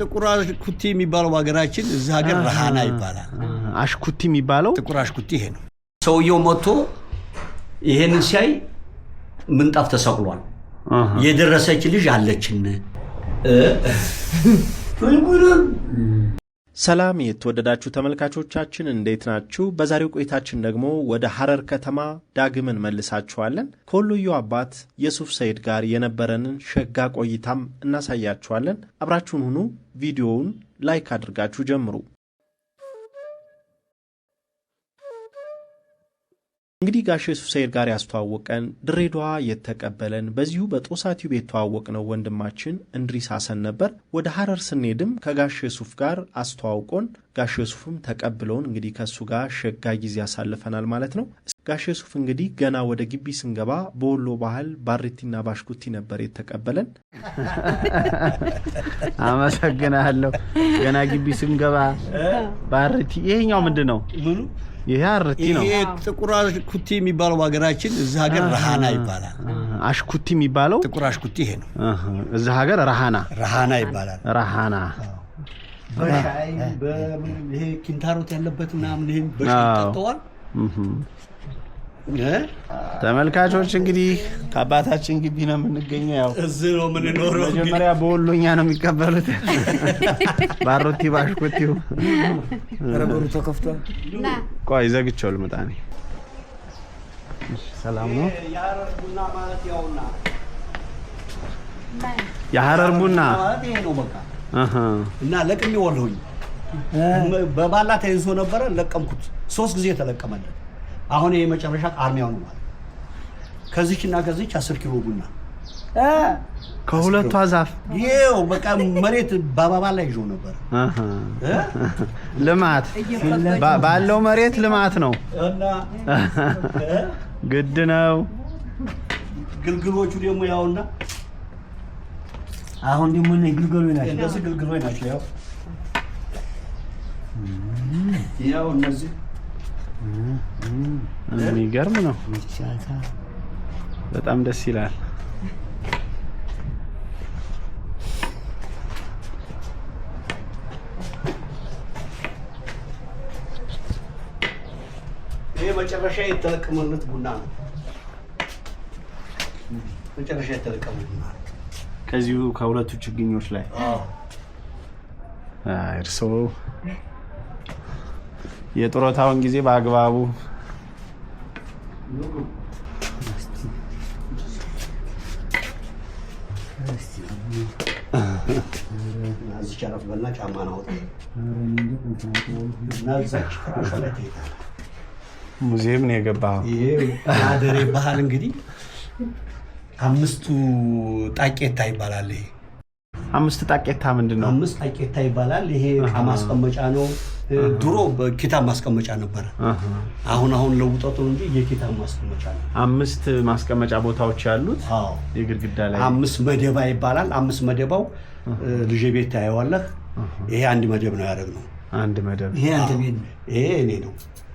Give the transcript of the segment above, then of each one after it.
ጥቁር አሽኩቲ የሚባለው በሀገራችን እዚ ሀገር ረሃና ይባላል። አሽኩቲ የሚባለው ጥቁር አሽኩቲ ይሄ ነው። ሰውየው መጥቶ ይሄንን ሲያይ ምንጣፍ ተሰቅሏል። የደረሰች ልጅ አለችን ሰላም የተወደዳችሁ ተመልካቾቻችን እንዴት ናችሁ? በዛሬው ቆይታችን ደግሞ ወደ ሐረር ከተማ ዳግም እንመልሳችኋለን። ከወሎዩ አባት የሱፍ ሰይድ ጋር የነበረንን ሸጋ ቆይታም እናሳያችኋለን። አብራችሁን ሁኑ። ቪዲዮውን ላይክ አድርጋችሁ ጀምሩ። እንግዲህ ጋሽ ሰይድ ጋር ያስተዋወቀን ድሬዳዋ የተቀበለን በዚሁ በጦሳ ቲዩብ የተዋወቅነው ወንድማችን እንድሪስ ሐሰን ነበር። ወደ ሐረር ስንሄድም ከጋሽ ሱፍ ጋር አስተዋውቆን ጋሽ ዮሱፍም ተቀብለውን እንግዲህ ከእሱ ጋር ሸጋ ጊዜ ያሳልፈናል ማለት ነው። ጋሽ ዮሱፍ እንግዲህ ገና ወደ ግቢ ስንገባ በወሎ ባህል ባሪቲና ባሽኩቲ ነበር የተቀበለን። አመሰግናለሁ። ገና ግቢ ስንገባ ባርቲ። ይሄኛው ምንድን ነው? ይሄ አርቲ ነው። ይሄ ጥቁር አሽኩቲ የሚባለው በሀገራችን፣ እዚ ሀገር ረሃና ይባላል። አሽኩቲ የሚባለው ጥቁር አሽኩቲ ይሄ ነው። እዚ ሀገር ረሃና ረሃና ይባላል። ረሃና ይሄ ኪንታሮት ያለበት ምናምን ተመልካቾች እንግዲህ ከአባታችን ግቢ ነው የምንገኘው። ያው እዚህ ነው የምንኖረው። መጀመሪያ በወሎኛ ነው የሚቀበሉት። ባሮቲ ባሽኮቲው በሩ ተከፍቷል። ቆይ ዘግቼው ልምጣ ሰላም ነው የሀረር ቡና እና ለቅሜ ዋለሁኝ። በባላ ተይዞ ነበረ ለቀምኩት። ሶስት ጊዜ ተለቀመለት። አሁን ይሄ መጨረሻ አርሚያው ነው ማለት ከዚች እና ከዚች አስር ኪሎ ቡና ከሁለቱ አዛፍ ይኸው በቃ መሬት በአባባ ላይ ይዞ ነበር። ልማት ባለው መሬት ልማት ነው፣ ግድ ነው። ግልግሎቹ ደግሞ ያውና አሁን ደግሞ እነ ግልገሎች ናቸው። እነዚህ ግልገሎች ናቸው። ያው ያው እነዚህ የሚገርም ነው። በጣም ደስ ይላል። ይህ መጨረሻ የተለቀመለት ቡና ነው። መጨረሻ የተለቀመ ቡና ከዚሁ ከሁለቱ ችግኞች ላይ እርሶ የጡረታውን ጊዜ በአግባቡ ሙዚየም ነው የገባ ይሄ ባህል እንግዲህ አምስቱ ጣቄታ ይባላል። ይሄ አምስት ጣቄታ ምንድን ነው? አምስት ጣቄታ ይባላል። ይሄ ዕቃ ማስቀመጫ ነው። ድሮ በኪታብ ማስቀመጫ ነበረ። አሁን አሁን ለውጠቱ እንጂ የኪታብ ማስቀመጫ ነው። አምስት ማስቀመጫ ቦታዎች ያሉት የግድግዳ ላይ አምስት መደባ ይባላል። አምስት መደባው ልጅ ቤት ታየዋለህ። ይሄ አንድ መደብ ነው ያደረግነው። አንድ መደብ ይሄ እኔ ነው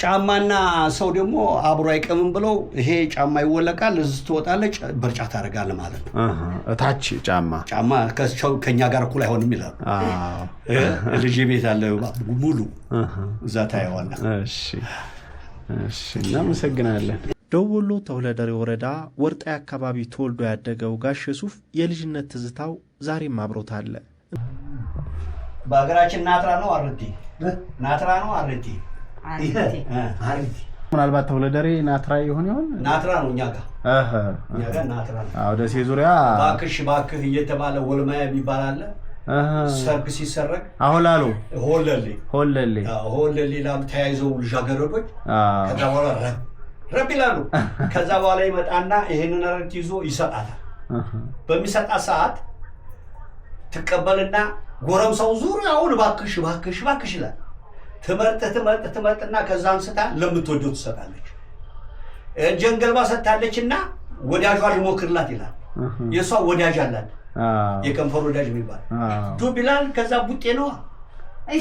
ጫማና ሰው ደግሞ አብሮ አይቀምም ብለው ይሄ ጫማ ይወለቃል፣ እዚህ ትወጣለች፣ በርጫ ታደርጋለህ ማለት ነው። እታች ጫማ ጫማ ከእኛ ጋር እኩል አይሆንም ይላል። ልጅ ቤት አለ ሙሉ እዛ ታየዋለህ። እናመሰግናለን። ደቡብ ወሎ ወረዳ ወርጣይ አካባቢ ተወልዶ ያደገው ጋሽ ሱፍ የልጅነት ትዝታው ዛሬም አብሮት አለ። በሀገራችን ናትራ ነው አረቴ ናትራ ነው አረቴ ምናልባት ተውለደሬ ናትራ ይሆን ይሆን? ናትራ ነው እኛ ጋር እኛ ጋር ደሴ ዙሪያ እባክሽ እባክህ እየተባለ ወልማያ የሚባል አለ። ሰርግ ሲሰረግ አሁላሉ ሆለሌ ሆለሌ ሆለሌ ላሉ ተያይዘው ልጃገረዶች ከዛ በኋላ ረብ ይላሉ። ከዛ በኋላ ይመጣና ይህንን ረድ ይዞ ይሰጣታል። በሚሰጣ ሰዓት ትቀበልና ጎረምሳው ዙሪያውን እባክሽ እባክሽ እባክሽ ይላል። ትመርጥ ትመርጥ ትመርጥና ከዛ አንስታ ለምትወደው ትሰጣለች። ጀንገልባ ሰጥታለችና ወዳጇ ልሞክርላት ይላል። የእሷ ወዳጅ አላት፣ የከንፈር ወዳጅ የሚባል ዱብ ይላል። ከዛ ቡጤ ነዋ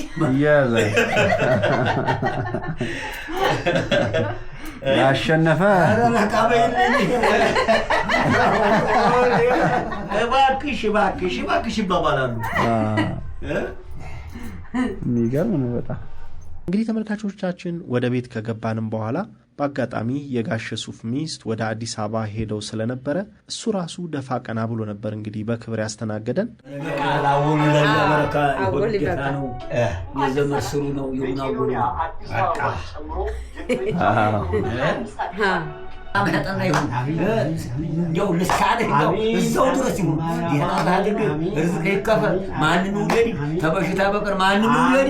ያሸነፈ እባክሽ እባክሽ እባክሽ ይባባላሉ። የሚገርም ነው በጣም እንግዲህ ተመልካቾቻችን ወደ ቤት ከገባንም በኋላ በአጋጣሚ የጋሸ ሱፍ ሚስት ወደ አዲስ አበባ ሄደው ስለነበረ እሱ ራሱ ደፋ ቀና ብሎ ነበር እንግዲህ በክብር ያስተናገደን። ማንን ውደድ፣ ተበሽታ በቀር ማንን ውደድ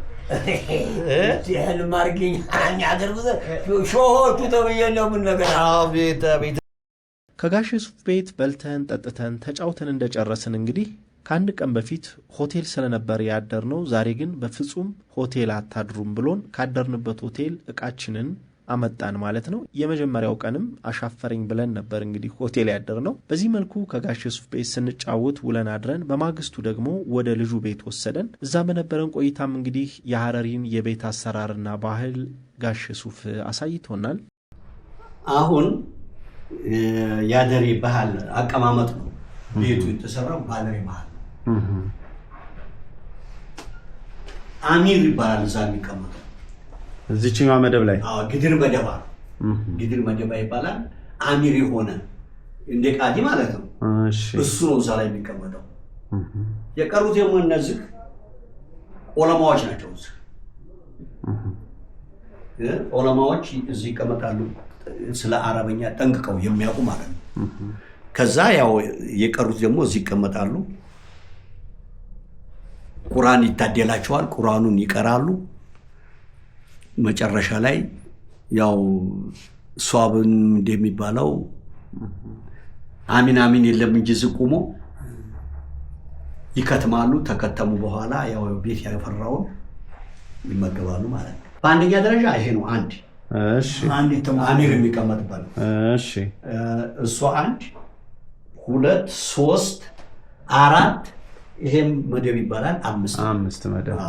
ህልም ሾሆቹ ተብዬ ነው ምን ነገር ከጋሽ ሱፍ ቤት በልተን ጠጥተን ተጫውተን እንደጨረስን እንግዲህ ከአንድ ቀን በፊት ሆቴል ስለነበር ነው ዛሬ ግን በፍጹም ሆቴል አታድሩም ብሎን ካደርንበት ሆቴል እቃችንን አመጣን ማለት ነው። የመጀመሪያው ቀንም አሻፈረኝ ብለን ነበር እንግዲህ ሆቴል ያደር ነው። በዚህ መልኩ ከጋሽ ሱፍ ቤት ስንጫወት ውለን አድረን በማግስቱ ደግሞ ወደ ልጁ ቤት ወሰደን። እዛ በነበረን ቆይታም እንግዲህ የሀረሪን የቤት አሰራርና ባህል ጋሽ ሱፍ አሳይቶናል። አሁን የአደሬ ባህል አቀማመጥ ነው። ቤቱ የተሰራው ባለሬ ባህል አሚር ይባላል እዛ የሚቀመጠው እዚችኛዋ መደብ ላይ ግድር መደባ ግድር መደባ ይባላል። አሚር የሆነ እንደ ቃዲ ማለት ነው። እሱ ነው እዛ ላይ የሚቀመጠው። የቀሩት ደግሞ እነዚህ ኦለማዎች ናቸው። ኦለማዎች እዚህ ይቀመጣሉ። ስለ አረበኛ ጠንቅቀው የሚያውቁ ማለት ነው። ከዛ ያው የቀሩት ደግሞ እዚህ ይቀመጣሉ። ቁራን ይታደላቸዋል። ቁራኑን ይቀራሉ። መጨረሻ ላይ ያው ሷብን እንደሚባለው አሚን አሚን የለም እንጂ ዝቁሞ ይከትማሉ። ተከተሙ በኋላ ያው ቤት ያፈራውን ይመገባሉ ማለት ነው። በአንደኛ ደረጃ ይሄ ነው አንድ አሚር የሚቀመጥበት እሱ አንድ ሁለት ሶስት አራት ይሄም መደብ ይባላል። አምስት አምስት መደብ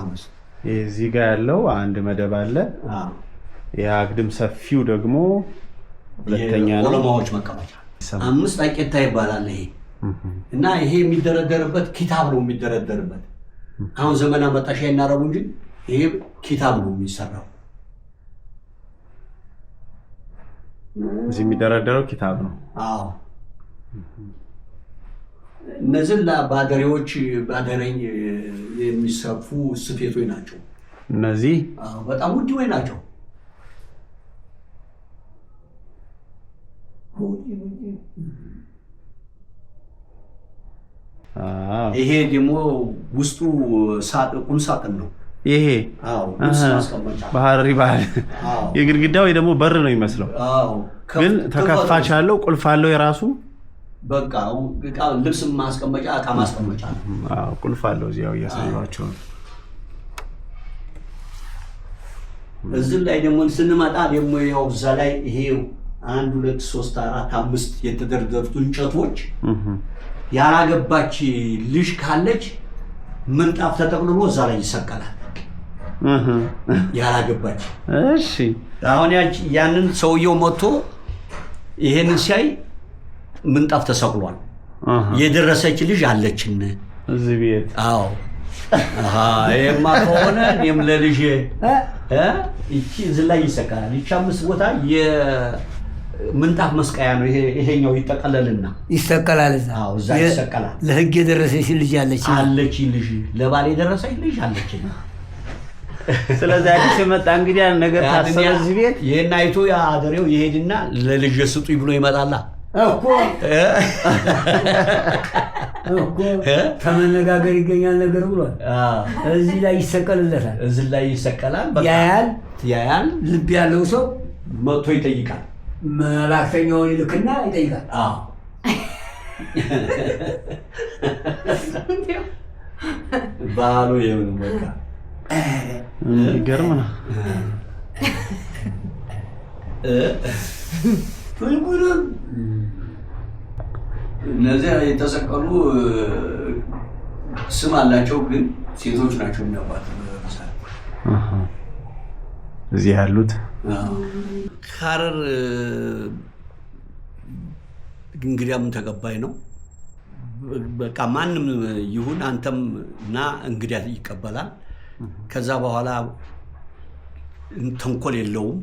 አምስት እዚህ ጋር ያለው አንድ መደብ አለ። የአግድም ሰፊው ደግሞ ሁለተኛ ነው። ዑለማዎች መቀመጫ አምስት አቄታ ይባላል ይሄ እና ይሄ የሚደረደርበት ኪታብ ነው የሚደረደርበት። አሁን ዘመን አመጣሽ እናረቡ እንጂ ይሄ ኪታብ ነው የሚሰራው። እዚህ የሚደረደረው ኪታብ ነው። አዎ እነዚህላ ባደሬዎች ባደረኝ የሚሰፉ ስፌቶች ናቸው። እነዚህ በጣም ውድ ወይ ናቸው። ይሄ ደግሞ ውስጡ ቁም ሳጥን ነው። ይሄ ባህሪ ባህል የግድግዳ ወይ ደግሞ በር ነው የሚመስለው፣ ግን ተከፋች አለው ቁልፍ አለው የራሱ በቃ ልብስ ማስቀመጫ እቃ ማስቀመጫ ነው። ቁልፍ አለው እዚያው እያሳየኋቸው ነው። እዚህ ላይ ደግሞ ስንመጣ ደግሞ ያው እዛ ላይ ይሄ አንድ ሁለት ሶስት አራት አምስት የተደረደሩት እንጨቶች ያላገባች ልጅ ካለች ምንጣፍ ተጠቅልሎ እዛ ላይ ይሰቀላል። ያላገባች እሺ። አሁን ያንን ሰውየው መጥቶ ይሄንን ሲያይ ምንጣፍ ተሰቅሏል። የደረሰች ልጅ አለችን እዚህ ቤት። አዎ ይሄማ ከሆነ እኔም ለልጅ እቺ እዚህ ላይ ይሰቀላል። ይቺ አምስት ቦታ የምንጣፍ መስቀያ ነው። ይሄኛው ይጠቀለልና ይሰቀላል። እዛ ይሰቀላል። ለህግ የደረሰች ልጅ አለች አለች ልጅ ለባል የደረሰች ልጅ አለች። ስለዚህ አዲስ የመጣ እንግዲህ ነገር ታሰበ እዚህ ቤት ይሄን አይቶ ያ አደሬው ይሄድና ለልጅ ስጡኝ ብሎ ይመጣላ። እኮ ከመነጋገር ይገኛል ነገር ብሏል። እዚህ ላይ ይሰቀልለታል፣ እዚህ ላይ ይሰቀላል። ያያል ያያል። ልብ ያለው ሰው መጥቶ ይጠይቃል። መላክተኛውን ይልክና ይጠይቃል። ባሉ የምን በቃ የሚገርም ነው። ፍልጉንም እነዚያ የተሰቀሉ ስም አላቸው፣ ግን ሴቶች ናቸው የሚያባት እዚህ ያሉት ሀረር እንግዲያም ተቀባይ ነው። በቃ ማንም ይሁን አንተም እና እንግዲያ ይቀበላል። ከዛ በኋላ ተንኮል የለውም።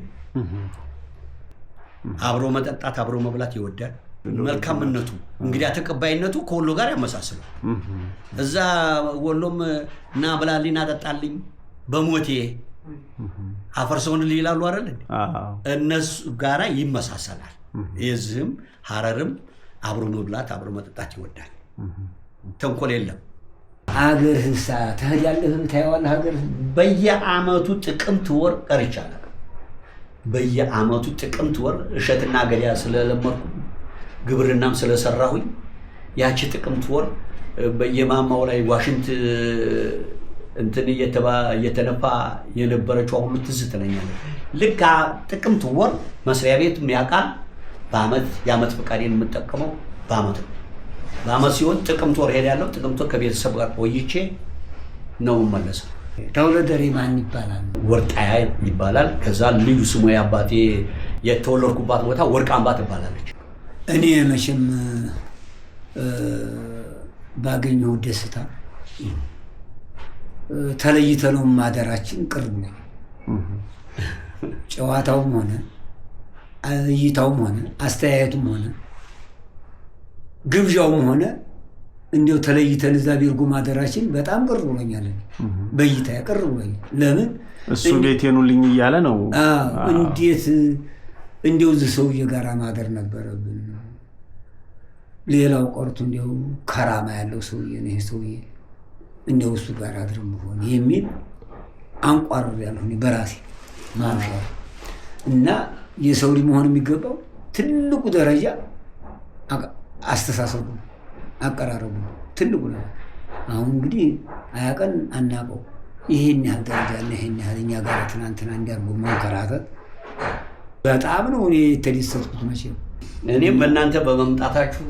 አብሮ መጠጣት፣ አብሮ መብላት ይወዳል። መልካምነቱ እንግዳ ተቀባይነቱ ከወሎ ጋር ያመሳስላል። እዛ ወሎም እና ብላልኝ ና በሞቴ አፈርሰውን ይላሉ አይደል? እነሱ ጋር ይመሳሰላል። የዚህም ሀረርም አብሮ መብላት አብሮ መጠጣት ይወዳል። ተንኮል የለም። ሀገርህን ሳ ትሄዳለህ ታየዋለህ። ሀገር በየአመቱ ጥቅምት ወር ቀር ይቻላል በየአመቱ ጥቅምት ወር እሸትና ገሊያ ስለለመርኩ ግብርናም ስለሰራሁኝ ያቺ ጥቅምት ወር በየማማው ላይ ዋሽንት እንትን እየተነፋ የነበረችው ሁሉ ትዝ ትለኛለች። ልክ ጥቅምት ወር መስሪያ ቤት ሚያቃ በአመት የአመት ፈቃዴን የምጠቀመው በአመት ነው። በአመት ሲሆን ጥቅምት ወር ሄዳለሁ። ጥቅምት ወር ከቤተሰብ ጋር ቆይቼ ነው የምመለሰው። ተወለደ ማን ይባላል። ወርቃያ ይባላል። ከዛ ልዩ ስሙ አባቴ የተወለድኩባት ቦታ ወርቅ ትባላለች። እኔ መቼም ባገኘው ደስታ ተለይተ ነው ማደራችን ቅርብ ነው። ጨዋታውም ሆነ እይታውም ሆነ አስተያየቱም ሆነ ግብዣውም ሆነ እንዲው ተለይተን እዛ ቤርጎ ማደራችን በጣም ቅር ብሎኛል። በይታ ቅር ብሎኛል። ለምን እሱ ቤቴኑልኝ እያለ ነው። እንዴት እንዲው እዚህ ሰውዬ ጋራ ማደር ነበረብን። ሌላው ቀርቶ እንዲው ከራማ ያለው ሰውዬ ነው ይሄ ሰውዬ እንዲው እሱ ጋር አድር መሆን የሚል አንቋር ያለሁ በራሴ ማምሻ እና የሰው ልጅ መሆን የሚገባው ትልቁ ደረጃ አስተሳሰቡ ነው። አቀራረቡ ትልቁ ነው። አሁን እንግዲህ አያቀን አናቀው ይሄን ያህል ደረጃ ና ይሄን ያህል እኛ ጋር ትናንትና እንዲያርጉ መንከራተት በጣም ነው እኔ የተደሰትኩት። መቼ እኔም በእናንተ በመምጣታችሁ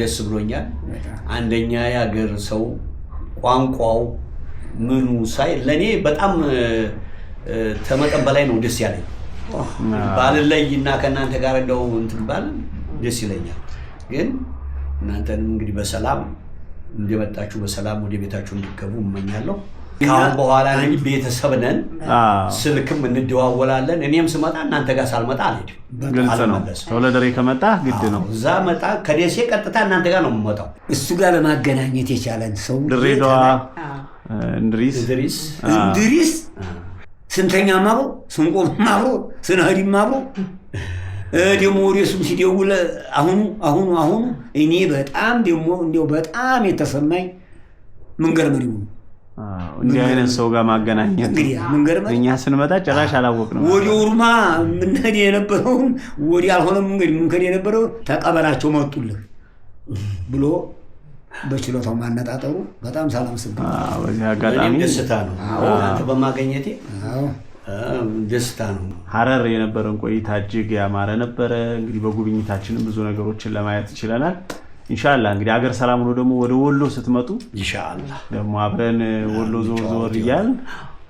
ደስ ብሎኛል። አንደኛ የሀገር ሰው ቋንቋው ምኑ ሳይ ለእኔ በጣም ተመጠን በላይ ነው ደስ ያለኝ። ባልለይ እና ከእናንተ ጋር እንደው እንትን ባል ደስ ይለኛል ግን እናንተንም እንግዲህ በሰላም እንደመጣችሁ በሰላም ወደ ቤታችሁ እንዲገቡ እመኛለሁ። ከአሁን በኋላ እንግዲህ ቤተሰብ ነን፣ ስልክም እንደዋወላለን። እኔም ስመጣ እናንተ ጋር ሳልመጣ አልሄድም። ግልጽ ነው። ተወለደሬ ከመጣ ግድ ነው። እዛ መጣ ከደሴ ቀጥታ እናንተ ጋር ነው የምመጣው። እሱ ጋር ለማገናኘት የቻለን ሰው ድሬዳዋ እንድሪስ እንድሪስ ስንተኛም ማብሮ ስንቆምም ማብሮ ስንሄድም አብሮ ደግሞ ወደ ወደሱም ሲደውል አሁኑ አሁኑ አሁኑ እኔ በጣም ደግሞ እንዲያው በጣም የተሰማኝ ምንገርመድ ይሆኑ እንዲህ አይነት ሰው ጋር ማገናኘት እኛ ስንመጣ ጭራሽ ነው። ወዲ ውርማ ምንሄድ የነበረውን ወዲ አልሆነ መንገድ ምንከድ የነበረው ተቀበላቸው መጡልህ ብሎ በችሎታው ማነጣጠሩ በጣም ሳላመሰግን በዚህ አጋጣሚ ደስታ ነው በማገኘቴ ደስታ ነው። ሀረር የነበረን ቆይታ እጅግ ያማረ ነበረ። እንግዲህ በጉብኝታችንም ብዙ ነገሮችን ለማየት ይችለናል። እንሻላ እንግዲህ አገር ሰላም ሆኖ ደግሞ ወደ ወሎ ስትመጡ ደግሞ አብረን ወሎ ዞር ዞር እያል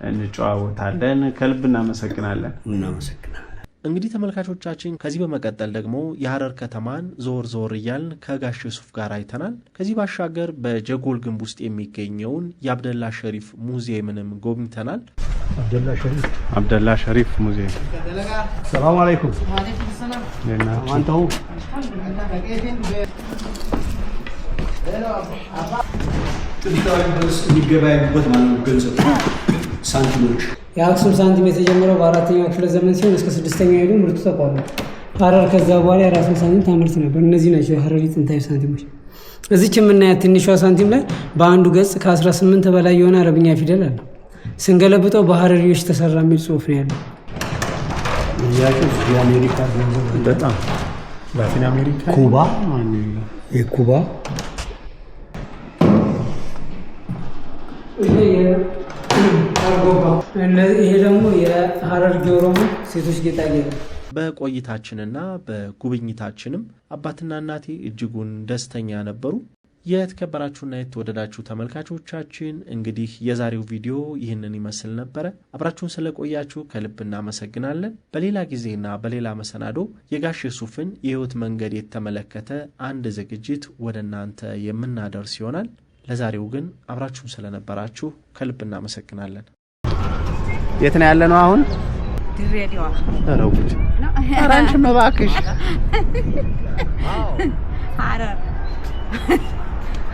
እንጨዋወታለን። ከልብ እናመሰግናለን። እናመሰግናለን። እንግዲህ ተመልካቾቻችን ከዚህ በመቀጠል ደግሞ የሀረር ከተማን ዞር ዞር እያልን ከጋሽ ሱፍ ጋር አይተናል። ከዚህ ባሻገር በጀጎል ግንብ ውስጥ የሚገኘውን የአብደላ ሸሪፍ ሙዚየምንም ጎብኝተናል። አብደላ ሸሪፍ ሙዚየም። ሰላም አለይኩም። የሚገበያዩበት ማለት ነው የአክሱም ሳንቲም የተጀመረው በአራተኛው ክፍለ ዘመን ሲሆን እስከ ስድስተኛው ሄዱ ምርቱ ተቋሙ ሀረር። ከዛ በኋላ የራሱን ሳንቲም ታመርት ነበር። እነዚህ ናቸው የሀረሪ ጥንታዊ ሳንቲሞች። እዚች የምናያት ትንሿ ሳንቲም ላይ በአንዱ ገጽ ከ18 በላይ የሆነ አረብኛ ፊደል አለው። ስንገለብጠው በሀረሪዎች ተሰራ የሚል ጽሁፍ ነው ያለው። ኩባ ይሄ ደግሞ ሴቶች ጌጣጌጥ በቆይታችንና በጉብኝታችንም አባትና እናቴ እጅጉን ደስተኛ ነበሩ። የተከበራችሁና የተወደዳችሁ ተመልካቾቻችን እንግዲህ የዛሬው ቪዲዮ ይህንን ይመስል ነበረ። አብራችሁን ስለቆያችሁ ከልብ እናመሰግናለን። በሌላ ጊዜና በሌላ መሰናዶ የጋሽ ሱፍን የህይወት መንገድ የተመለከተ አንድ ዝግጅት ወደ እናንተ የምናደርስ ይሆናል። ለዛሬው ግን አብራችሁን ስለነበራችሁ ከልብ እናመሰግናለን። የት ነው ያለ ነው አሁን? ድሬዳዋ። ኧረ አንቺም እባክሽ ሐረር